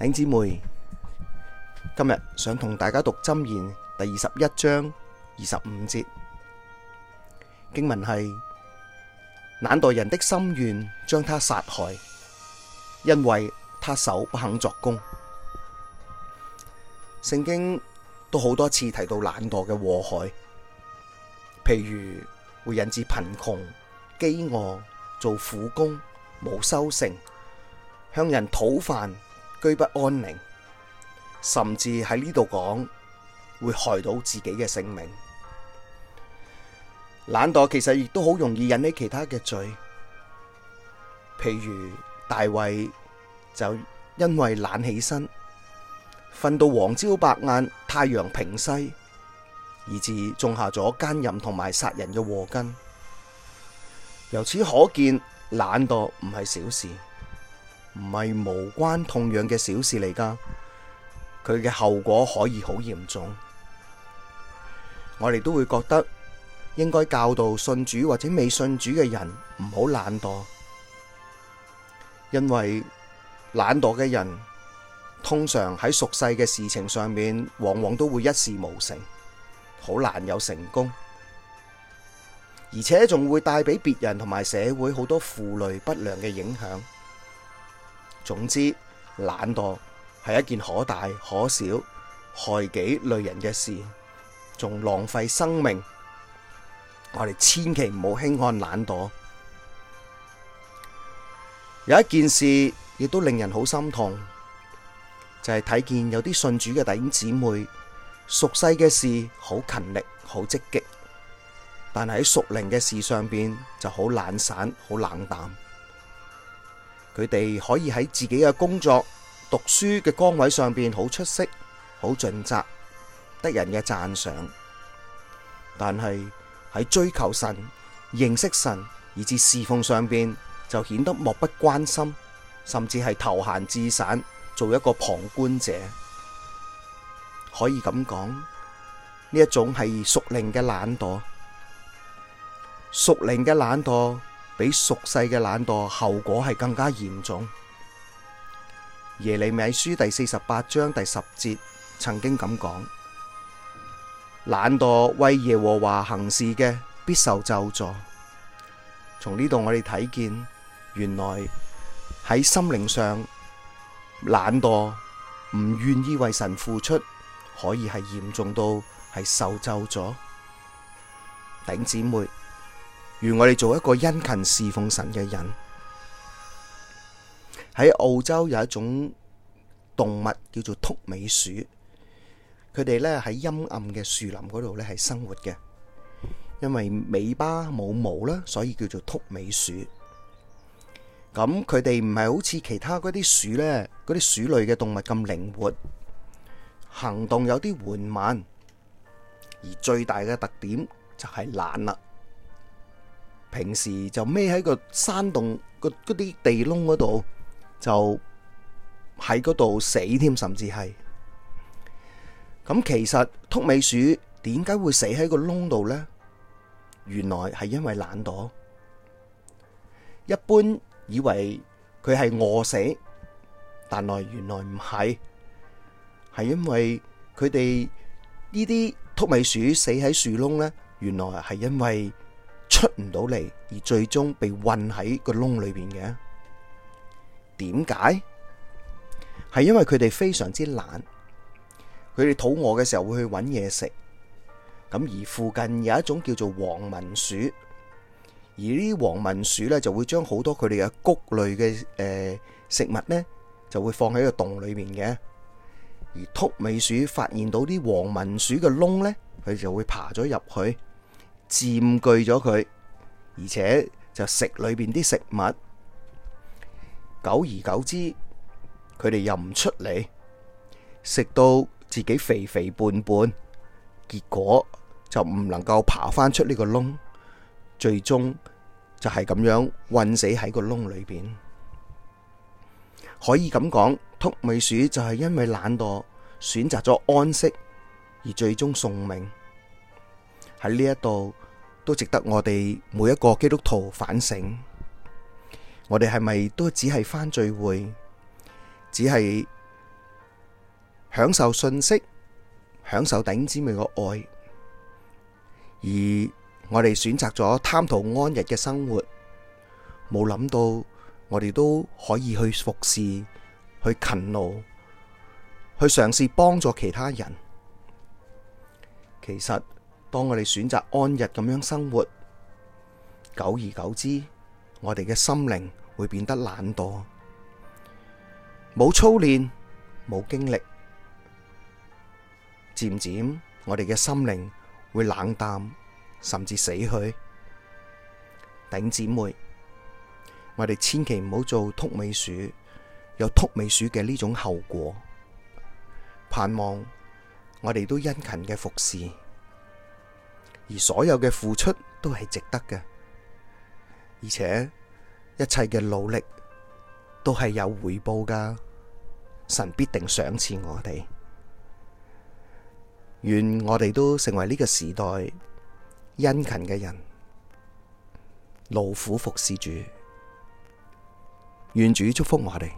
兄姊妹，今日想同大家讀《箴言》第二十一章二十五節經文，係懶惰人的心願將他殺害，因為他手不肯作工。聖經都好多次提到懶惰嘅禍害，譬如會引致貧窮、飢餓、做苦工、冇收成、向人討飯。居不安寧，甚至喺呢度講，會害到自己嘅性命。懶惰其實亦都好容易引起其他嘅罪，譬如大衛就因為懶起身，瞓到黃朝白晏，太陽平西，以至種下咗奸淫同埋殺人嘅禍根。由此可見，懶惰唔係小事。唔係無關痛癢嘅小事嚟噶，佢嘅後果可以好嚴重。我哋都會覺得應該教導信主或者未信主嘅人唔好懶惰，因為懶惰嘅人通常喺俗世嘅事情上面，往往都會一事無成，好難有成功，而且仲會帶俾別人同埋社會好多負累不良嘅影響。總之，懶惰係一件可大可小、害己累人嘅事，仲浪費生命。我哋千祈唔好輕看懶惰。有一件事亦都令人好心痛，就係睇見有啲信主嘅弟兄姊妹，屬世嘅事好勤力、好積極，但係喺屬靈嘅事上邊就好懶散、好冷淡。佢哋可以喺自己嘅工作、讀書嘅崗位上邊好出色、好盡責、得人嘅讚賞，但係喺追求神、認識神以至侍奉上邊就顯得漠不關心，甚至係投閒置散，做一個旁觀者，可以咁講，呢一種係屬靈嘅懶惰，屬靈嘅懶惰。比俗世嘅懶惰後果係更加嚴重。耶利米書第四十八章第十節曾經咁講：「懶惰為耶和華行事嘅，必受咒詛。」從呢度我哋睇見，原來喺心靈上懶惰唔願意為神付出，可以係嚴重到係受咒詛。頂姊妹。如我哋做一個殷勤侍奉神嘅人。喺澳洲有一種動物叫做禿尾鼠，佢哋咧喺陰暗嘅樹林嗰度咧係生活嘅，因為尾巴冇毛啦，所以叫做禿尾鼠。咁佢哋唔係好似其他嗰啲鼠咧，嗰啲鼠類嘅動物咁靈活，行動有啲緩慢，而最大嘅特點就係懶啦。平時就孭喺個山洞，嗰啲地窿嗰度，就喺嗰度死添，甚至係咁。其實禿尾鼠點解會死喺個窿度呢？原來係因為懶惰。一般以為佢係餓死，但來原來唔係，係因為佢哋呢啲禿尾鼠死喺樹窿呢，原來係因為。出唔到嚟，而最終被困喺個窿裏面嘅，點解？係因為佢哋非常之懶，佢哋肚餓嘅時候會去揾嘢食，咁而附近有一種叫做黃文鼠，而呢啲黃文鼠呢就會將好多佢哋嘅穀類嘅誒食物呢就會放喺個洞裏面嘅，而禿尾鼠發現到啲黃文鼠嘅窿呢，佢就會爬咗入去。佔據咗佢，而且就食裏邊啲食物，久而久之，佢哋又唔出嚟，食到自己肥肥胖胖，結果就唔能夠爬翻出呢個窿，最終就係咁樣困死喺個窿裏邊。可以咁講，禿尾鼠就係因為懶惰選擇咗安息，而最終送命。喺呢一度都值得我哋每一個基督徒反省，我哋係咪都只係返聚會，只係享受信息，享受頂姊妹嘅愛，而我哋選擇咗貪圖安逸嘅生活，冇諗到我哋都可以去服侍，去勤勞，去嘗試幫助其他人。其實。當我哋選擇安逸咁樣生活，久而久之，我哋嘅心靈會變得懶惰，冇操練，冇經歷，漸漸我哋嘅心靈會冷淡，甚至死去。頂姊妹，我哋千祈唔好做禿尾鼠，有禿尾鼠嘅呢種後果。盼望我哋都殷勤嘅服侍。而所有嘅付出都係值得嘅，而且一切嘅努力都係有回報㗎。神必定賞賜我哋，願我哋都成為呢個時代殷勤嘅人，勞苦服侍主。願主祝福我哋。